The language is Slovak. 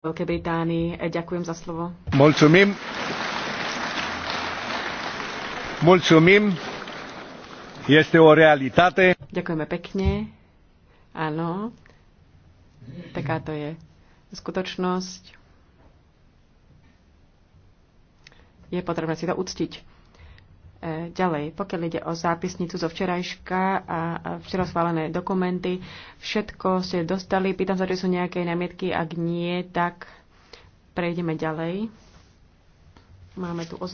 Veľkej Británii. E, ďakujem za slovo. Mulțumim. Mulțumim. Este o realitate. Ďakujeme pekne. Áno. Taká to je skutočnosť. Je potrebné si to uctiť. Ďalej, pokiaľ ide o zápisnicu zo včerajška a včera schválené dokumenty, všetko ste dostali. Pýtam sa, či sú nejaké námietky. Ak nie, tak prejdeme ďalej. Máme tu